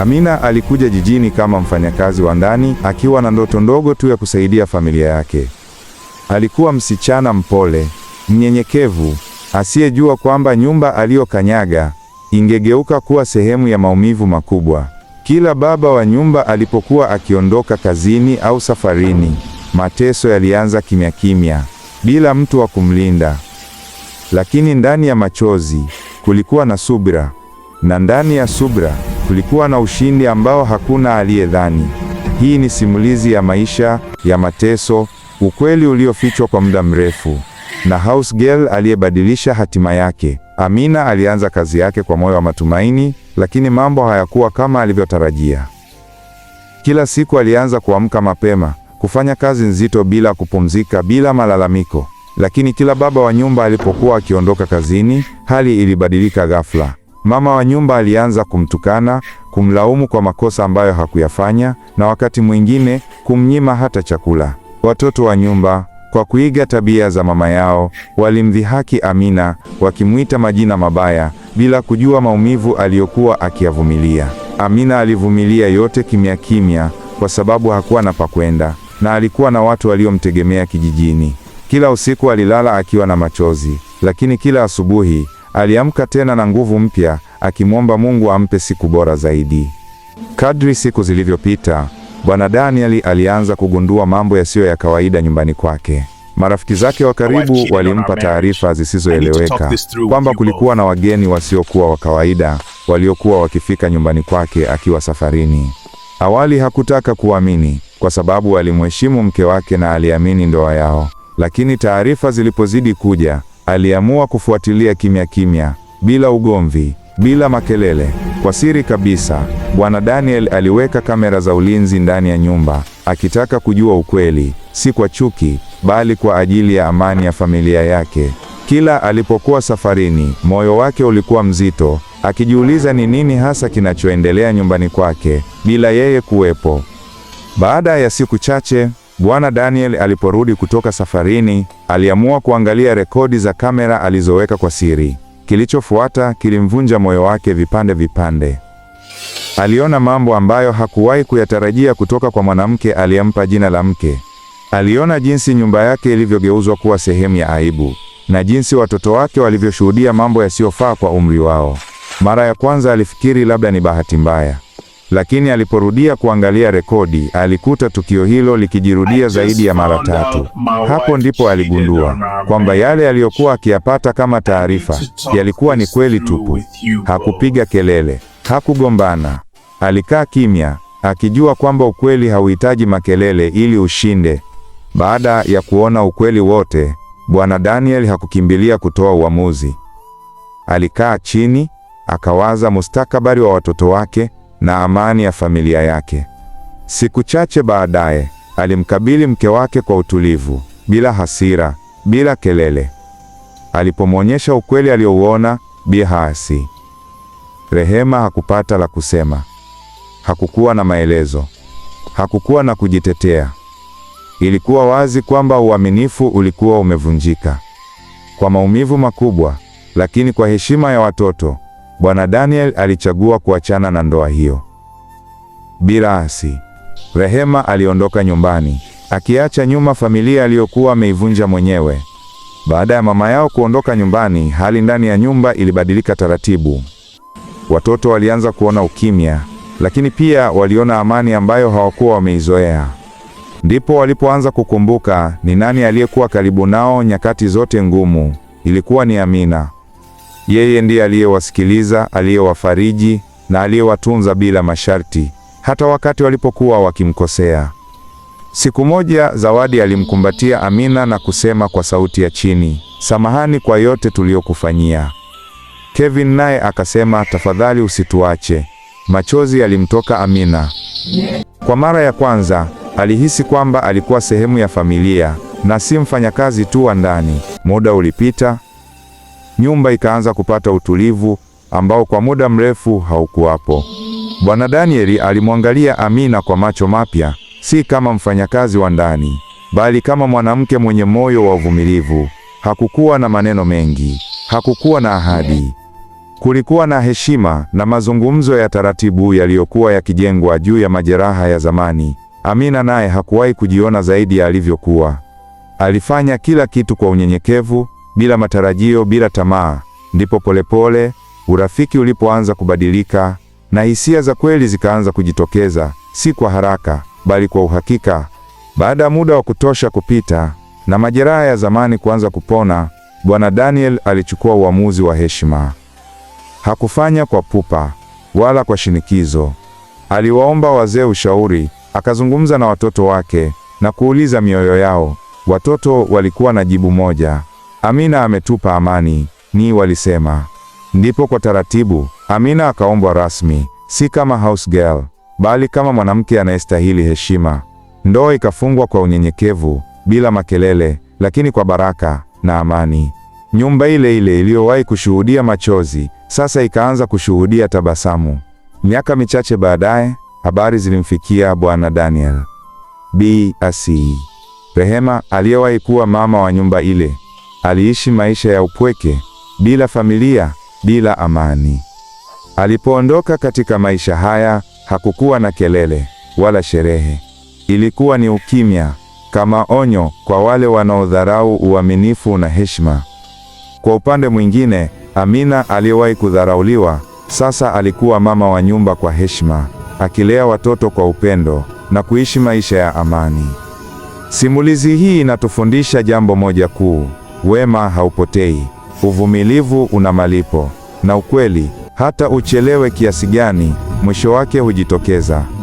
Amina alikuja jijini kama mfanyakazi wa ndani akiwa na ndoto ndogo tu ya kusaidia familia yake. Alikuwa msichana mpole, mnyenyekevu, asiyejua kwamba nyumba aliyokanyaga ingegeuka kuwa sehemu ya maumivu makubwa. Kila baba wa nyumba alipokuwa akiondoka kazini au safarini, mateso yalianza kimya kimya, bila mtu wa kumlinda. Lakini ndani ya machozi kulikuwa na subira, na ndani ya subira Kulikuwa na ushindi ambao hakuna aliyedhani. Hii ni simulizi ya maisha ya mateso, ukweli uliofichwa kwa muda mrefu, na House Girl aliyebadilisha hatima yake. Amina alianza kazi yake kwa moyo wa matumaini, lakini mambo hayakuwa kama alivyotarajia. Kila siku alianza kuamka mapema, kufanya kazi nzito bila kupumzika, bila malalamiko. Lakini kila baba wa nyumba alipokuwa akiondoka kazini, hali ilibadilika ghafla. Mama wa nyumba alianza kumtukana, kumlaumu kwa makosa ambayo hakuyafanya na wakati mwingine kumnyima hata chakula. Watoto wa nyumba kwa kuiga tabia za mama yao walimdhihaki Amina, wakimwita majina mabaya bila kujua maumivu aliyokuwa akiyavumilia. Amina alivumilia yote kimya kimya, kwa sababu hakuwa na pakwenda na alikuwa na watu waliomtegemea kijijini. Kila usiku alilala akiwa na machozi, lakini kila asubuhi Aliamka tena na nguvu mpya, akimwomba Mungu ampe siku bora zaidi. Kadri siku zilivyopita, Bwana Danieli alianza kugundua mambo yasiyo ya kawaida nyumbani kwake. Marafiki zake wa karibu walimpa taarifa zisizoeleweka kwamba kulikuwa na wageni wasiokuwa wa kawaida waliokuwa wakifika nyumbani kwake akiwa safarini. Awali hakutaka kuamini kwa sababu alimheshimu mke wake na aliamini ndoa yao, lakini taarifa zilipozidi kuja Aliamua kufuatilia kimya kimya, bila ugomvi, bila makelele. Kwa siri kabisa, Bwana Daniel aliweka kamera za ulinzi ndani ya nyumba, akitaka kujua ukweli, si kwa chuki, bali kwa ajili ya amani ya familia yake. Kila alipokuwa safarini, moyo wake ulikuwa mzito, akijiuliza ni nini hasa kinachoendelea nyumbani kwake bila yeye kuwepo. Baada ya siku chache Bwana Daniel aliporudi kutoka safarini, aliamua kuangalia rekodi za kamera alizoweka kwa siri. Kilichofuata kilimvunja moyo wake vipande vipande. Aliona mambo ambayo hakuwahi kuyatarajia kutoka kwa mwanamke aliyempa jina la mke. Aliona jinsi nyumba yake ilivyogeuzwa kuwa sehemu ya aibu na jinsi watoto wake walivyoshuhudia mambo yasiyofaa kwa umri wao. Mara ya kwanza alifikiri labda ni bahati mbaya lakini aliporudia kuangalia rekodi alikuta tukio hilo likijirudia zaidi ya mara tatu. Hapo ndipo aligundua kwamba yale aliyokuwa akiyapata kama taarifa yalikuwa ni kweli tupu. Hakupiga kelele, hakugombana, alikaa kimya, akijua kwamba ukweli hauhitaji makelele ili ushinde. Baada ya kuona ukweli wote, Bwana Daniel hakukimbilia kutoa uamuzi. Alikaa chini, akawaza mustakabali wa watoto wake na amani ya familia yake. Siku chache baadaye alimkabili mke wake kwa utulivu, bila hasira, bila kelele. Alipomwonyesha ukweli aliouona, Bi Haasi Rehema hakupata la kusema, hakukuwa na maelezo, hakukuwa na kujitetea. Ilikuwa wazi kwamba uaminifu ulikuwa umevunjika, kwa maumivu makubwa, lakini kwa heshima ya watoto Bwana Daniel alichagua kuachana na ndoa hiyo. Bila asi, Rehema aliondoka nyumbani, akiacha nyuma familia aliyokuwa ameivunja mwenyewe. Baada ya mama yao kuondoka nyumbani, hali ndani ya nyumba ilibadilika taratibu. Watoto walianza kuona ukimya, lakini pia waliona amani ambayo hawakuwa wameizoea. Ndipo walipoanza kukumbuka ni nani aliyekuwa karibu nao nyakati zote ngumu. Ilikuwa ni Amina. Yeye ndiye aliyewasikiliza, aliyewafariji na aliyewatunza bila masharti, hata wakati walipokuwa wakimkosea. Siku moja Zawadi alimkumbatia Amina na kusema kwa sauti ya chini, samahani kwa yote tuliyokufanyia. Kevin naye akasema, tafadhali usituache. Machozi yalimtoka Amina. Kwa mara ya kwanza alihisi kwamba alikuwa sehemu ya familia na si mfanyakazi tu wa ndani. Muda ulipita nyumba ikaanza kupata utulivu ambao kwa muda mrefu haukuwapo. Bwana Danieli alimwangalia Amina kwa macho mapya, si kama mfanyakazi wa ndani, bali kama mwanamke mwenye moyo wa uvumilivu. Hakukuwa na maneno mengi, hakukuwa na ahadi. Kulikuwa na heshima na mazungumzo ya taratibu yaliyokuwa yakijengwa juu ya majeraha ya zamani. Amina naye hakuwahi kujiona zaidi ya alivyokuwa. Alifanya kila kitu kwa unyenyekevu, bila matarajio, bila tamaa. Ndipo polepole urafiki ulipoanza kubadilika na hisia za kweli zikaanza kujitokeza, si kwa haraka, bali kwa uhakika. Baada ya muda wa kutosha kupita na majeraha ya zamani kuanza kupona, Bwana Daniel alichukua uamuzi wa heshima. Hakufanya kwa pupa wala kwa shinikizo. Aliwaomba wazee ushauri, akazungumza na watoto wake na kuuliza mioyo yao. Watoto walikuwa na jibu moja: Amina ametupa amani, ni walisema. Ndipo kwa taratibu Amina akaombwa rasmi, si kama house girl, bali kama mwanamke anayestahili heshima. Ndoa ikafungwa kwa unyenyekevu, bila makelele, lakini kwa baraka na amani. Nyumba ile ile iliyowahi kushuhudia machozi sasa ikaanza kushuhudia tabasamu. Miaka michache baadaye, habari zilimfikia Bwana Daniel Bi Rehema aliyewahi kuwa mama wa nyumba ile. Aliishi maisha ya upweke, bila familia, bila amani. Alipoondoka katika maisha haya, hakukuwa na kelele wala sherehe. Ilikuwa ni ukimya, kama onyo kwa wale wanaodharau uaminifu na heshima. Kwa upande mwingine, Amina aliyewahi kudharauliwa, sasa alikuwa mama wa nyumba kwa heshima, akilea watoto kwa upendo na kuishi maisha ya amani. Simulizi hii inatufundisha jambo moja kuu. Wema haupotei, uvumilivu una malipo, na ukweli, hata uchelewe kiasi gani, mwisho wake hujitokeza.